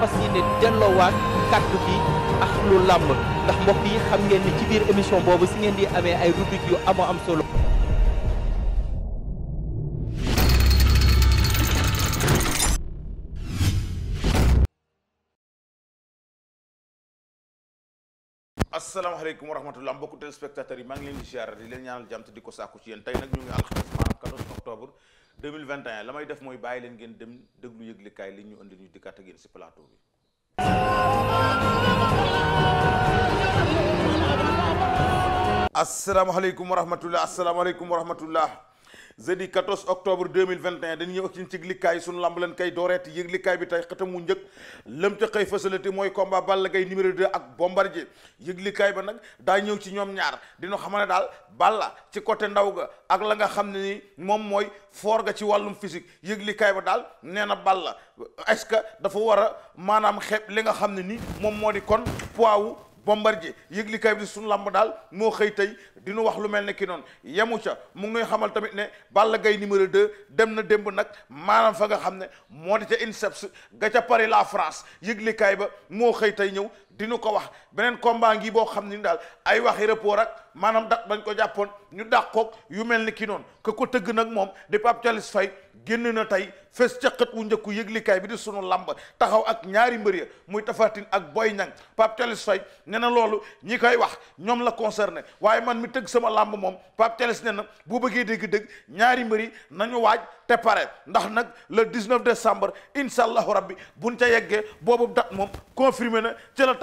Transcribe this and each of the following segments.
fas yéene delloowaat kàddu bi ak làmb yi xam ngeen di amee am solo. asalaamaaleykum wa rahmatulah mbokku téléspectateurs yi maa ngi leen di ziar di ñaanal jàmm di ko sàkku ci yéen tey nag ñu ngi alxames maanaam 14 octobre. 2021 la may def mooy bàyyi leen ngeen dem déglu yëglikaay li ñu indi ñu dikkaat ak yéen si plateau bi. asalaamaaleykum wa rahmatulah asalaamaaleykum wa rahmatulah. jeudi 14 octobre 2021 dañu ñëw ak ci yëglikaay sunu lamb leen kay dooreeti yëglikaay bi tey xëtam mu njëkk lëm ca xëy fasalati mooy combat Balla kay numéro 2 ak Bombardier yëglikaay ba nag daa ñëw ci ñoom ñaar dina xam ne daal Balla ci côté ndaw ga ak la nga xam ne ni moom mooy foor ga ci wàllum physique yëglikaay ba daal nee na Balla est-ce que dafa war a maanaam xeeb li nga xam ne ni moom moo di kon poids Bombardier yëglikaay bi di suñu làmb daal moo xëy tey dinu wax lu mel ne ki noonu yemu ca mu ngi nuy xamal tamit ne Balla gay numéro 2 dem na démb nag maanaam fa nga xam ne moo de ca INSEPS ga ca Paris la France yëglikaay ba moo xëy tey ñëw dinu ko wax beneen combat boo xam ni daal ay waxi rapport ak maanaam dat bañ ko jàppoon ñu dàqoog yu mel ni ki noonu que ko tëgg nag moom di Pape Thialis Faye génn na tey fees ca xët wu njëkku yëglikaay bi di sunu làmb taxaw ak ñaari mbër ya muy Tafatine ak Boy Niang Pape Thialis Faye ne na loolu ñi koy wax ñoom la concerné waaye man mi tëgg sama làmb moom Pape Thialis ne na bu bëggee dégg-dégg ñaari mbër yi nañu waaj te pare ndax nag le 19 décembre incha allahu rabbi buñ ca yeggee boobu dat moom confirmé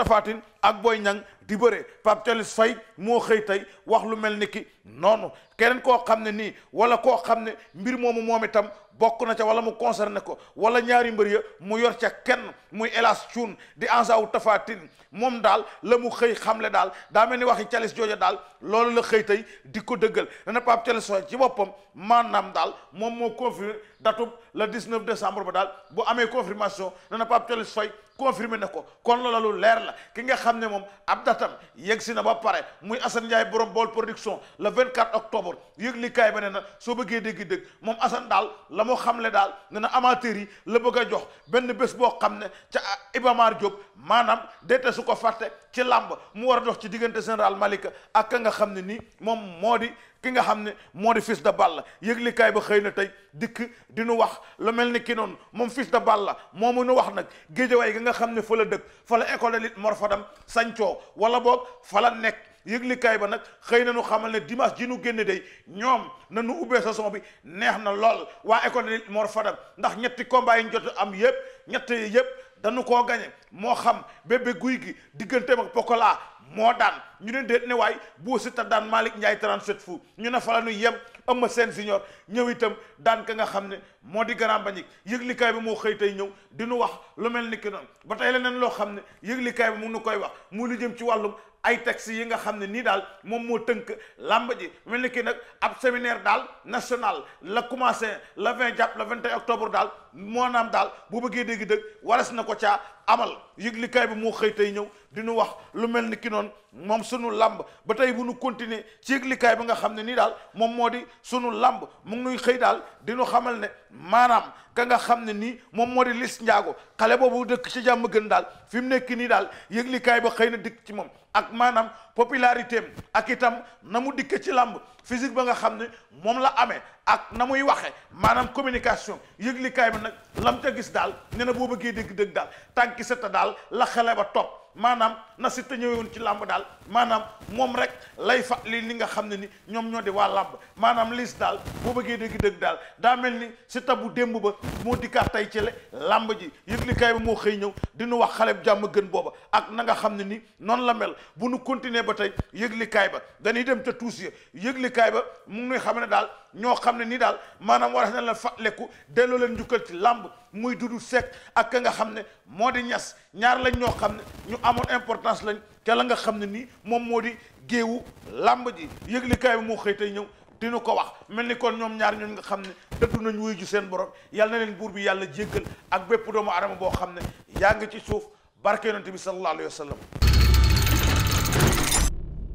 Tafatine ak booy Niang di bëre Pape Thialis Faye moo xëy tey wax lu mel ni ki noonu keneen koo xam ne nii wala koo xam ne mbir moomu moom itam bokk na ca wala mu concerné ko wala ñaari mbër ya mu yor ca kenn muy Elas Thioune di aw Tafatine moom daal la mu xëy xamle daal daa mel ni waxi Thialis jooja daal loolu la xëy tey di ko dëggal dana Pape Thialis Faye ci boppam maanaam daal moom moo confirmé datub le 19 décembre ba daal bu amee confirmation dana Pape Thialis Faye confirmé na ko kon loolu leer la ki nga xam ne moom ab datam yegg si na ba pare muy Assane Ndiaye borom bool production le 24 octobre yëg li kaay ba ne na soo bëggee dégg-dégg moom Assane daal la mu xamle daal ne na amateur yi la bëgg a jox benn bés boo xam ne ca Ibamar Diop maanaam deete su ko fàtte ci làmb mu war a jox ci diggante général Malika ak ka nga xam ne nii moom moo di ki nga xam ne moo di Fils de la yëglikaay ba xëy na tey dikk di nu wax lu mel ni ki noonu moom Fils de moo moomu nu wax nag géejawaay gi nga xam ne fa la dëkk fa la école lit mor fadam sancoo wala boog fa la nekk yëglikaay ba nag xëy na nu xamal ne dimanche ji nu génne day ñoom na nu ubbee saison bi neex na lool waa école lit mor fadam ndax ñetti combat yi ñu jot am yëpp ñett yëpp dañu koo gañe moo xam bébé guy gi diggante ak pokola moo daan ñu ne déet ne waay Bou Siteu daan Malick Ndiaye 37 fu ñu ne fa la ñu yem Eumeu Sène Junior ñëw itam daan ka nga xam ne moo di Grand Mbagnick yëglikaay bi moo xëy tey ñëw di nu wax lu mel ni ki noonu ba tey leneen loo xam ne yëglikaay bi mu nu koy wax mu lu jëm ci wàllum ay taxi yi nga xam ne nii daal moom moo tënk làmb ji mel ni ki nag ab séminaire daal national la commencé la 20 jàpp vingt 21 octobre daal moo naam daal bu bëggee dégg dëgg waras na ko caa amal yëglikaay bi mu xëy tey ñëw di nu wax lu mel ni ki noon moom sunu làmb ba tey bu nu continuer ci yëglikaay bi nga xam ne nii daal moom moo di sunu làmb mu ngi nuy xëy daal di xamal ne maanaam ka nga xam ne nii moom moo di Liss njaago xale boobu dëkk ci jàmm gën daal fi mu nekk nii daal yëglikaay ba xëy na dikk ci moom ak maanam popularité am ak itam na mu dikke ci làmb physique ba nga xam ne moom la amee ak na muy waxe maanaam communication yëglikaay bi nag lam ca gis daal ne na boo bëggee dégg dëgg daal tànki setta daal la xele ba topp maanaam na si te ñëwoon ci làmb daal maanaam moom rek lay fa li li nga xam ne ni ñoom ñoo di waa làmb maanaam liis daal boo bëggee dëgg dëgg daal daa mel ni si tabu démb ba moo dikkaat tey ci le làmb ji yëglikaay bi moo xëy ñëw dinu wax xale jàmm gën booba ak na nga xam ne ni noonu la mel bu nu continuer ba tey yëglekaay ba dañuy dem ca tuus ya yëglikaay ba mu nuy xam ne daal ñoo xam ne nii daal maanaam war na la fàttaliku delloo leen njukkal ci làmb muy Dudu Seck ak nga xam ne moo di ñas ñaar lañ ñoo xam ne ñu amoon importance lañ te la nga xam ne nii moom moo di géewu làmb ji yëglikaay bi moo xëy tey ñëw dinu ko wax mel ni kon ñoom ñaar ñooñu nga xam ne dëddu nañ wuy ju seen borom yal na leen buur bi yàlla jéggal ak bépp doomu adama boo xam ne yaa ngi ci suuf barke yonente bi sallallahu alayhi wa sallam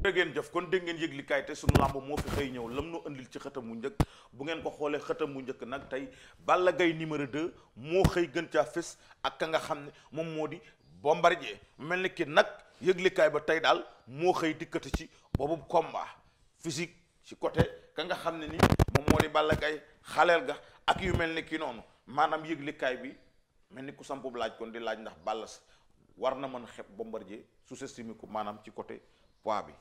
dégg ngeen jëf kon dégg ngeen yëglikaay te su làmb moo fi xëy ñëw lam nu andil ci xëtam mu njëkk bu ngeen ko xoolee xëtam mu njëkk nag tey Balla Gaye numéro 2 moo xëy gën caa fés ak ka nga xam ne moom moo di Bombardier mel ni ki nag yëglikaay ba tey daal moo xëy dikkati ci boobu combat physique ci côté ka nga xam ne ni moom moo di Balla xaleel ga ak yu mel ni ki noonu maanaam yëglikaay bi mel ni ku sampub laaj kon di laaj ndax Balla war na mën a xeeb Bombardier su sestimi ko maanaam ci côté poids bi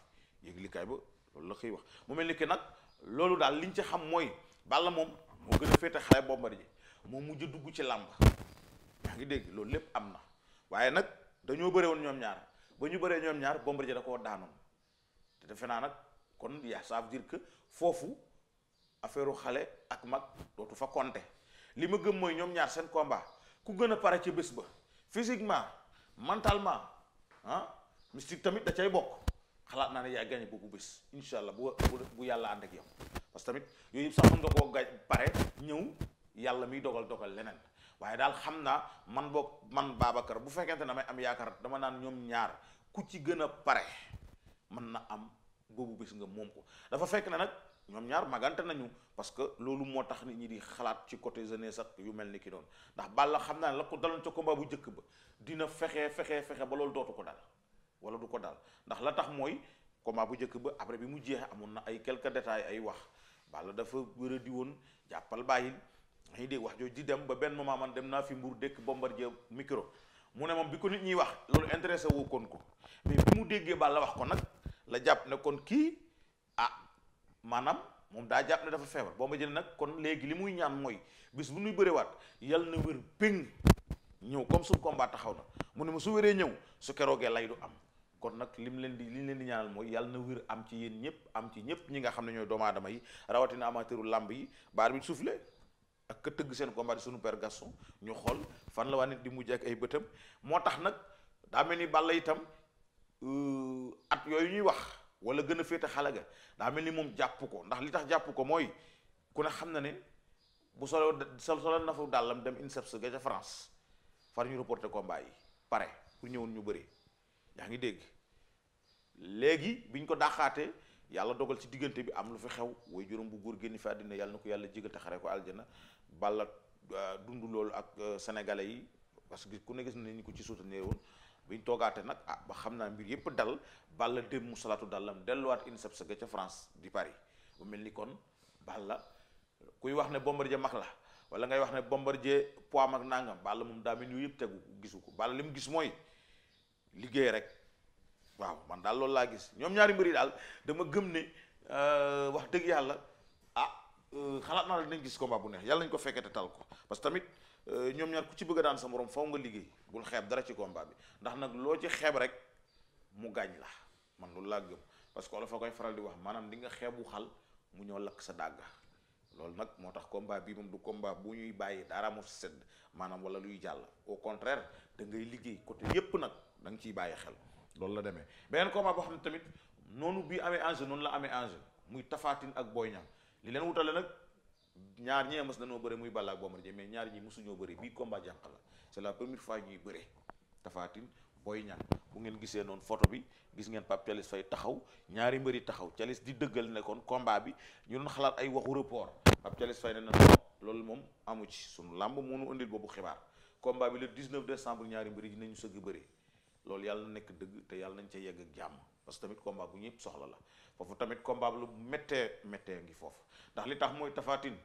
yëglikaay ba loolu la xëy wax mu mel ni que nag loolu daal liñ ci xam mooy Balla moom moo gën a féete xale Bombardier moom mujj dugg ci làmb yaa ngi dégg loolu lépp am na waaye nag dañoo bëre woon ñoom ñaar ba ñu bëree ñoom ñaar Bombardier da koo daanoon te defe naa nag kon yaa ça veut dire que foofu affaire xale ak mag dootu fa compter li ma gën mooy ñoom ñaar seen komba ku gën a pare ci bés ba physiquement mentalement ah mystique tamit da cay bokk xalaat naa ne yaa gagné boobu bés incha allah bu bu yàlla ànd ak yow parce tamit yooyu yëpp sax mën nga koo ga pare ñëw yàlla miy dogal dogal leneen waaye daal xam naa man boog man Babacar bu fekkente ne may am yaakaar dama naan ñoom ñaar ku ci gën a pare mën na am boobu bés nga moom ko dafa fekk ne nag ñoom ñaar magante nañu parce que loolu moo tax nit ñi di xalaat ci côté jeunesse ak yu mel ni ki doon ndax Balla xam naa la ko daloon ca combat bu njëkk ba dina fexe fexe fexe ba loolu dootu ko dal wala du ko daal ndax la tax mooy combat bu njëkk ba après bi mu jeexee amoon na ay quelques détails ay wax Balla dafa rëddi woon jàppal bàyyi ma ngi dégg wax jooju di dem ba benn moment man dem naa fi Mbour dëkk Bombardier micro mu ne moom bi ko nit ñiy wax loolu intéressé wu kon ko mais bi mu déggee Balla wax ko nag la jàpp ne kon kii ah maanaam moom daa jàpp ne dafa feebar Bombardier nag kon léegi li muy ñaan mooy bis bu nuy bëriwaat yal na wér péng ñëw comme suñu combat taxaw na mu ne ma su wéree ñëw su keroogee lay du am. kon nag lim leen di liñ leen di ñaanal mooy yàlla na wér am ci yéen ñëpp am ci ñëpp ñi nga xam ne ñoo doomu aadama yi rawatina amateuru làmb yi baar bi soufflé ak ka tëgg seen combat sunu père Gaston ñu xool fan la waa nit di mujj ay bëtam moo tax nag daa mel ni Balla itam euh, at yooyu ñuy wax wala gën a féete xale ga daa mel ni moom jàpp ko ndax li tax jàpp ko mooy ku ne xam na ne bu solo solo na fa dàllam dem INSEPS ga ca France far ñu reporté combat yi pare pour ñëwoon ñu bëri. yaa ngi dégg léegi biñ ko dàqaatee yàlla dogal ci diggante bi am lu fi xew way juróom bu góor génn fi àddina yàlla na ko yàlla jégal taxare ko na balla euh, dund loolu ak euh, sénégalais yi parce que ku ne gis nañu ko ci soutenir bi ñu toogaatee nag ah ba xam naa mbir yépp dal balla dem mu salaatu dallam delluwaat INSEP sa ga ca France di Paris bu mel ni kon la kuy wax ne Bombardier mag la wala ngay wax ne Bombardier poids mag nangam balla moom daa mel ni yëpp tegu gisu ko balla li mu gis mooy liggéey rek waaw man daal loolu laa gis ñoom ñaari mbëri daal dama gëm ne euh, wax dëgg yàlla ah euh, xalaat naa la dinañ gis combat bu neex yàlla nañ ko fekkee te tal ko parce que tamit euh, ñoom ñaar ku ci bëgg a daan sa moroom faw nga liggéey bul xeeb dara ci combat bi ndax nag loo ci xeeb rek mu gaañ la man laa gëm parce que olof a koy faral di wax maanaam di nga xeebu xal mu ñëw lakk sa dàgga loolu nag moo tax combat bii moom du combat bu ñuy bàyyi moo si sedd maanaam wala luy jàll au contraire da ngay liggéey côté yépp nag da nga ciy bàyyi xel loolu la demee beneen combat boo xam ne tamit noonu bii amee enjeu noonu la amee enjeu muy tafaatin ak Boy Niang li leen wutale nag ñaar ñee mës nañoo bëre muy Balla ak Bombardier mais ñaar ñi mësuñoo bëre bii combat jànq la c'est la première fois ñuy bëre tafaatin Boy Niang bu ngeen gisee noonu photo bi gis ngeen Pape Thialis fay taxaw ñaari mbëri taxaw Thialis di dëggal ne kon combat bi ñu doon xalaat ay waxu report Pape Thialis fay na loolu moom amu ci sunu làmb moo nu indil boobu xibaar combat bi le 19 décembre ñaari mbëri dinañu sëgg bëre loolu yàlla na nekk dëgg te yàlla nañ ca yegg ak jàmm parce que tamit combat bu ñëpp soxla la foofu tamit combat lu méttee méttee ngi foofu ndax li tax mooy tafaatin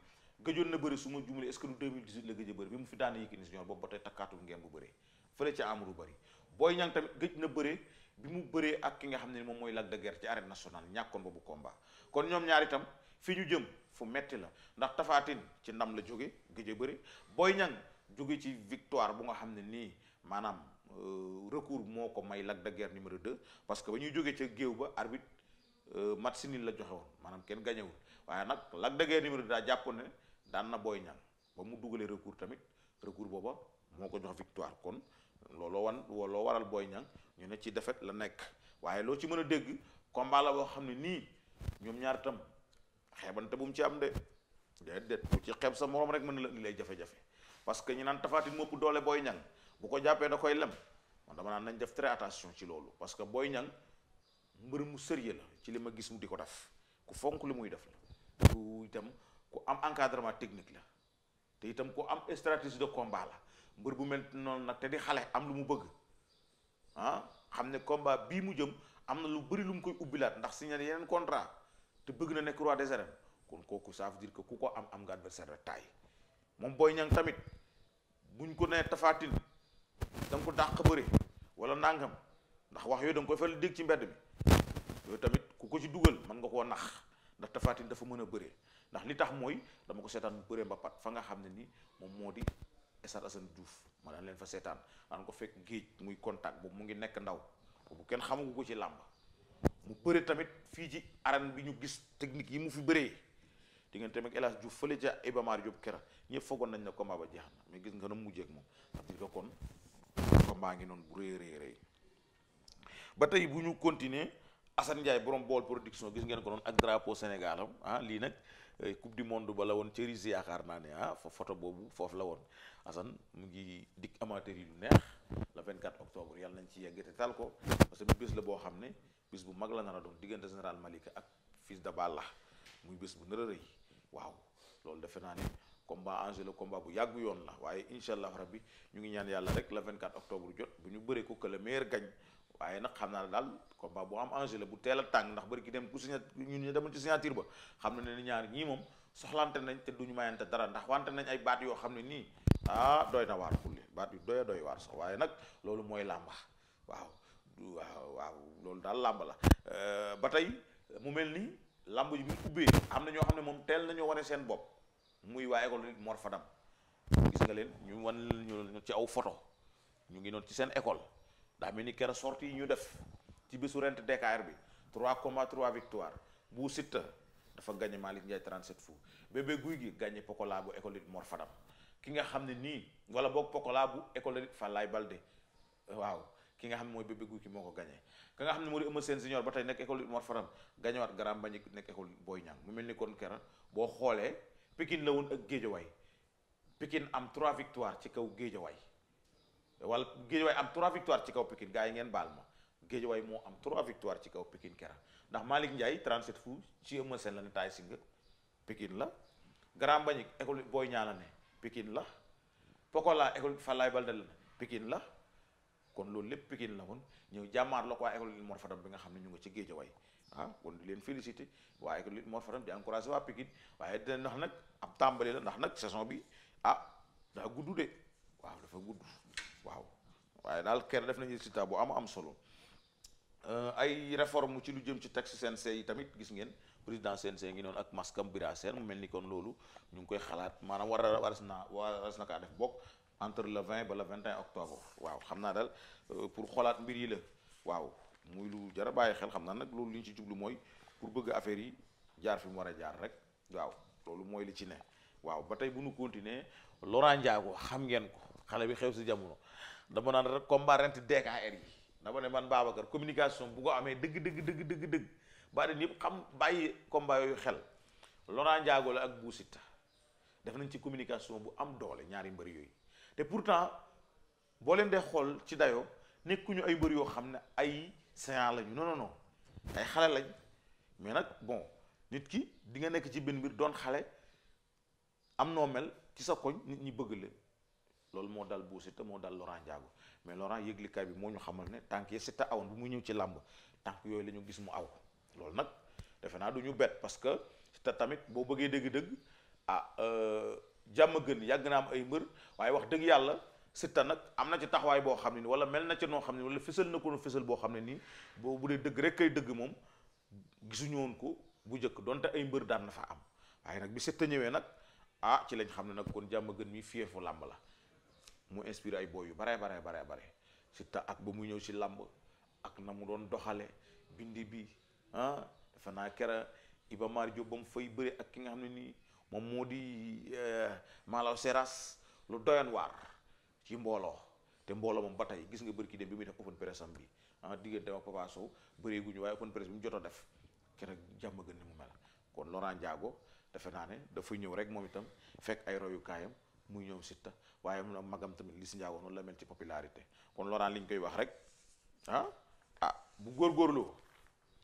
gëjoon na bëri su ma jumlee est-ce que du 2018 la gëj bi mu fi daane Yékini Junior boobu ba tey bu bëri fële ca amru bëri Boy Niang tamit bëre bi mu bëree ak ki nga xam ne moom mooy Lac de Guiers ci arène nationale ñàkkoon boobu kon ñoom ñaar itam fi ñu jëm fu metti la ndax tafaatin ci ndam la jóge gëj a bëri Boy Niang jóge ci victoire bu nga xam ne nii maanaam Euh, recours moo ko may Lac de Guiers numéro de parce que ba ñuy jógee ca géew ba arbitre euh, match nul la joxe woon maanaam kenn gañewul waaye nag Lac de Guiers numéro 2 daa jàpp ne daan na booy Niang ba mu dugalee recours tamit recours booba moo ko jox victoire kon looloo wan looloo waral booy Niang ñu ne ci défaite la nekk waaye loo ci mën a dégg combat la boo xam ne nii ñoom ñaar tam xeebante bu mu ci am de de ku ci xeeb sa morom rek mën na la indi lay jafe-jafe parce que ñu naan Tapha Tine moo ëpp doole Boy Niang bu ko jàppee da koy lem man dama naan nañ def très attention ci loolu parce que booy Niang mbër mu sérieux la ci li ma gis mu di ko def ku fonk li muy def la ku itam ku am encadrement technique la te itam ku am stratégie de combat la mbër bu mel noonu nag te di xale am lu mu bëgg ah xam ne combat bii mu jëm am na lu bëri lu mu koy ubbilaat ndax signé yeneen contrat te bëgg na nekk roi des arènes kon kooku ça veut dire que ku ko am am nga adversaire de moom Boy Niang tamit buñ ko nee da nga ko dàq bëri wala nangam ndax wax yooyu da nga koy faral dégg ci mbedd mi yooyu tamit ku ko ci dugal mën nga koo nax ndax Tapha Tine dafa mën a bëree ndax li tax mooy dama ko seetaan mu bëree mbapat fa nga xam ne ni moom moo di Stade Assane ma daan leen fa seetaan daan ko fekk géej muy contact boobu mu ngi nekk ndaw boobu kenn xamagu ko ci làmb mu bëre tamit fii ci arène bi ñu gis technique yi mu fi bëree diggante ak El Hadj Diouf fële ca Iba Mar Diop kera ñëpp foogoon nañ ne combat ba jeex na mais gis nga na mu ak moom parce que kon maa ngi noonu bu rëy rëy rëy ba tey bu ñu continuer Assane Ndiaye borom bool production gis ngeen ko noonu ak drapeau Sénégal ah lii nag eh, coupe du monde ba la woon ca Russie yaakaar naa ne ah boobu foofu la woon Assane mu ngi dikk amateur lu neex le 24 octobre yàlla nañ ci yegg te tal ko parce que bés la boo xam ne bés bu mag la na a doon diggante général Malika ak fils de Balla muy bés bu nar a rëy waaw loolu defe naa ne. combat enjeu la combat bu yàggu yoon la waaye incha allah rabbi ñu ngi ñaan yàlla rek le 24 octobre jot bu ñu bëree ko que le meilleur waaye nag xam naa ne daal combat bu am enjeu la bu teel a tàng ndax bëri ki dem ku signa ñun ñu demoon ci signature ba xam na ne ñaar ñii moom soxlante nañ te duñu mayante dara ndax wante nañ ay baat yoo xam ne nii ah doy na waar kulli baat yu doy doy waar sax waaye nag loolu mooy làmba waaw waaw waaw loolu daal làmb la euh, ba tey mu mel ni làmb yi bi ubbee am na ñoo xam ne moom teel nañoo wane seen bopp muy waa école nit Mor Fadam gis nga leen ñu wan ñu ci aw photo ñu ngi noonu ci seen école daa mel ni ker sortie yi ñu def ci bésu rent DKR bi 3 combats 3 victoire bu Siteu dafa gagné Malick Ndiaye 37 fu bébé guy gi gagné Pokola bu école nit Mor Fadam ki nga xam ne nii wala boog Pokola bu école nit Falaye Balde waaw ki nga xam ne mooy bébé guy ki moo ko gagné ki nga xam ne moo di Eumeu Sène senior ba tey nekk école nit Mor Fadam gagné waat nekk école Boy Niang mu mel ni kon kera boo xoolee Pikine la woon ak Géejawaay Pikine am trois victoires ci kaw Géejawaay wala Géejawaay am trois victoires ci kaw Pikine gars yi ngeen baal ma Géejawaay moo am trois victoires ci kaw Pikine kera ndax Malick Ndiaye 37 fu ci Eumeu Sène la ne taay si nga Pikine la Grand Mbagnick école Boy Niang ne Pikine la Pokola école Falaye Baldé la ne Pikine la kon loolu lépp Pikine la woon ñëw jàmmaar la ko waa école Mor bi nga xam ne ñu ngi ci Géejawaay ah kon di leen félicité waaye que lutte Mor di encouragé waa Pikine waaye dina ndax nag ab tàmbali la ndax nag saison bi ah daa gudd de waaw dafa gudd waaw waaye daal ker def nañu résultat bu am am solo euh, ay réforme ci lu jëm ci taxi CNC yi tamit gis ngeen président CNC ngi noonu ak maskam bira seen mu mel ni kon loolu ñu ngi koy xalaat maanaam war a waras naa waras na kaa def bokk entre le 20 ba le 21 octobre waaw xam naa daal euh, pour xoolaat mbir yi la waaw muy lu jar a bàyyi xel xam naa nag loolu li ñu ci jublu mooy pour bëgg affaire yi jaar fi mu war a jaar rek waaw loolu mooy li ci ne waaw ba tey bu nu continuer Laurent Ndiago xam ngeen ko xale bi xew si jamono dama naan rek combat rent DKR yi dama ne man Babacar communication bu ko amee dëgg dëgg dëgg dëgg dëgg bari ñëpp xam bàyyi combat yooyu xel Laurent la ak Boussita def nañ ci communication bu am doole ñaari mbër yooyu te pourtant boo leen dee xool ci dayo nekkuñu ay mbër yoo xam ne ay séant lañu non non ay xale lañ mais nag bon nit ki di nga nekk ci biir mbir doon xale am noo mel ci sa koñ nit ñi bëgg leen loolu moo dal Bou Siteu moo dal Laurent Ndiago mais Laurent yëglikaay bi moo ñu xamal ne tànk yi Siteu awoon bu mu ñëw ci làmb tànk yooyu la gis mu aw loolu nag defe naa du ñu bett parce que Siteu tamit boo bëggee dëgg-dëgg ah, euh, jàmm gën yàgg naa am ay mbër waaye wax dëgg yàlla Siteu nag am na ci taxawaay boo xam ne nii wala mel na ci noo xam ne wala fësal na ko nu fësal boo xam ne nii boo bu dee dëgg rek kay dëgg moom gisuñu woon ko bu njëkk donte ay mbër daan na fa am waaye nag bi Siteu ñëwee nag ah ci lañ xam ne nag kon jàmm gën mi fiefu làmb la mu inspiré ay booy yu baree baree baree bare Siteu ak ba muy ñëw si làmb ak na mu doon doxale bindi bi ah dafa naa kera Iba Mar Diop ba mu fay bëri ak ki nga xam ne nii moom moo di eh, Malaw Seras lu doyan ci mbooloo te mbooloo moom ba tey gis nga bërki dem bi muy def open press am bi ah diggante ak Papa Sow waaye open press bi mu joto def keroog jàmm gën ni mu mel kon loraan Ndiago defe naa ne dafa ñëw rek moom itam fekk ay royukaayam muy ñoom sitta waaye mu magam tamit si Ndiago noonu la mel ci popularité kon loraan li ñu koy wax rek ah ah bu góorgóorloo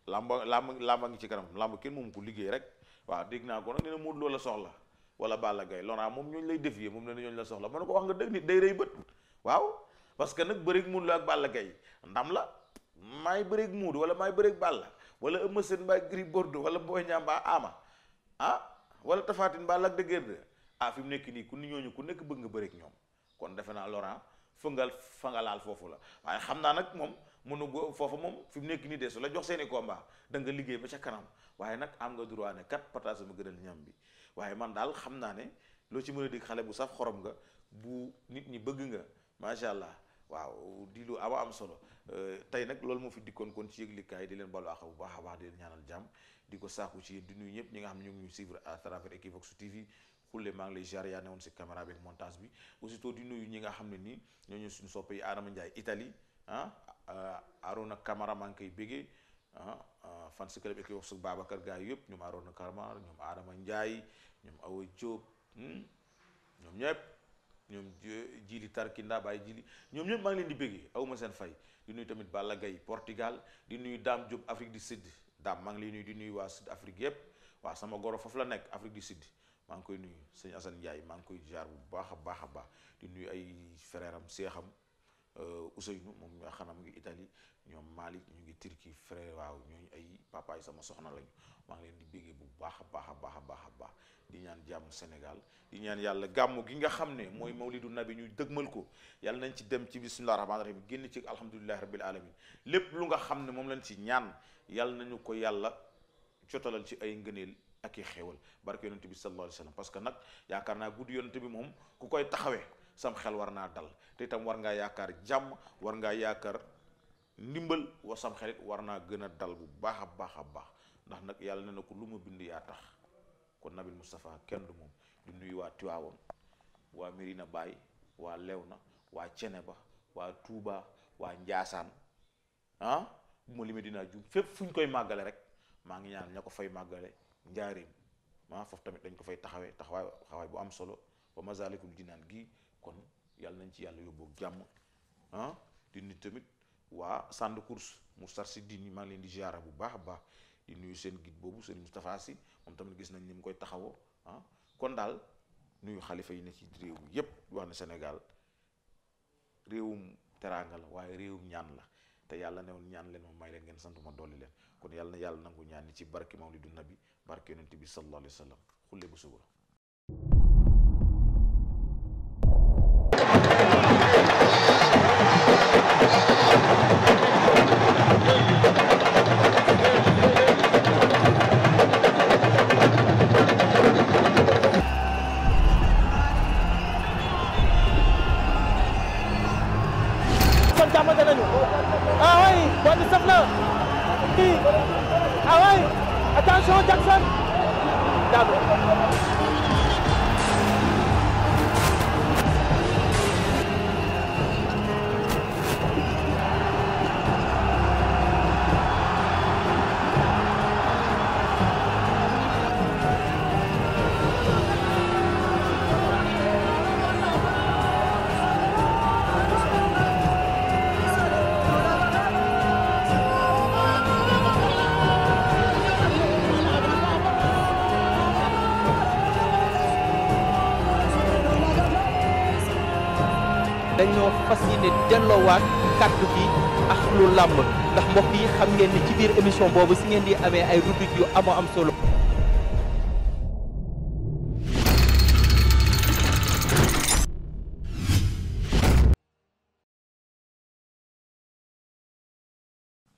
làmba làmba làmba ngi ci kanam làmba kenn moom ko liggéey rek waa dégg naa ko nag nee na Modou la wala Balla Gaye Laurent moom ñooñu lay défier moom ne ñooñu la soxla ma ne ko wax nga dëgg nit day rëy bët waaw parce que nag bëreeg Modou Lo ak Balla Gaye ndam la maay bëreeg Modou wala maay bëreeg la wala Eumeu Sène mbaa Gris Bordeaux wala booy Niang mbaa Ama ah wala Tapha Tine mbaa Lac de Guiers ah fi mu nekk nii ku ni ñooñu ku nekk bëgg nga bëreeg ñoom kon defe naa Laurent fëngal fangalaal foofu la waaye xam naa nag moom mënu go foofu moom fi mu nekk nii de su la jox seeni combat da nga liggéey ba ca kanam waaye nag am nga droit ne kat pataas ma gënal ñam bi waaye man daal xam naa ne loo ci mën a dégg xale bu saf xorom nga bu nit ñi bëgg nga macha allah waaw di lu am am solo euh, tey nag loolu moo fi dikkoon kon ci yëglikaay di leen balu àq bu baax a baax di leen ñaanal jàmm di ko saaku ci yéen di nuyu ñëpp ñi nga xam ne ñu ngi ñuy suivre à travers Equivox TV xulle maa ngi lay jaar yaa newoon si caméra bi montage bi aussitôt di nuyu ñi nga xam ne nii ñu suñ soppe yi Adama Ndiaye Italie ah euh, Arona Camara maa ngi koy bégee Ah, fan si club équipe su Babacar gars yi yëpp ñoom na Karmar ñoom Adama Ndiaye ñoom Awa Diop hmm? ñoom ñëpp ñoom Jili ndaa baay Jili ñoom ñëpp maa ngi leen di bëggee awuma seen fay di nuyu tamit Balla Gaye Portugal di nuyu daam Diop Afrique du Sud Dame maa ngi lay nuyu di nuyu waa Sud Afrique yëpp waa sama goro foofu la nekk Afrique du Sud maa ngi koy nuyu sëñ Assane Ndiaye maa ngi koy jaar bu baax a baax a baax di nuyu ay frère am seexam euh, Ousseynou moom nga xanaa mu ngi Italie ñoom Malick ñu ngi Turquie frère waaw ñooñu ay papaay sama soxna lañu maa ngi leen di béggee bu baax a baax a baax a baax a baax di ñaan jàmm Sénégal di ñaan yàlla gàmm gi nga xam ne mooy mawlidu nabi ñu dëgmal ko yàlla nañ ci dem ci bisimilah rahmaani rahim génn ci alhamdulilahi rabil alamin lépp lu nga xam ne moom lañ ci ñaan yàlla nañu ko yàlla jotalal ci ay ngëneel ak i xéewal barke yonente bi sallallahu alayhi wa sallam parce que nag yaakaar naa guddi yonente bi moom ku koy taxawee sam xel war naa dal te itam war ngaa yaakaar jàmm war ngaa yaakaar ndimbal wa sam xelit war naa gën a dal bu baax a baax a baax ndax nag yàlla ne na ko lu ma bind yaa tax kon nabil Moustapha kenn du moom di nuyu waa Tiwaawoon waa Mirina Baay waa Lewna waa Ceneba waa Touba waa Njaasaan ah bu ma limee dinaa jum fépp fu ñu koy màggale rek maa ngi ñaan ña ko fay màggale njaareem ah foofu tamit dañ ko fay taxawee taxawaay bu am solo ba Masaalikul Jinaan gi kon yàlla nañ ci yàlla yóbbu jàmm ah tamit waa sand course Moustarchidine maa ngi leen di ziara bu baax a baax di nuyu seen guide boobu seen Moustapha si moom tamit gis nañ ni mu koy taxawoo ah kon daal nuyu xalifa yi ne ci réew mi yépp wax ne Sénégal réewum teraanga la waaye réewum ñaan la te yàlla ne woon ñaan leen ma may leen ngeen sant ma dolli leen kon yàlla na yàlla nangu ñaan ni ci barke Mawlidu Nabi barke yonent bi sallallahu alayhi wa sallam bu suba ne delloowaat kàddu bi ak lu làmb ndax mbokk yi xam ngeen ne ci biir émission boobu si ngeen di amee ay rubrique yu amoo am solo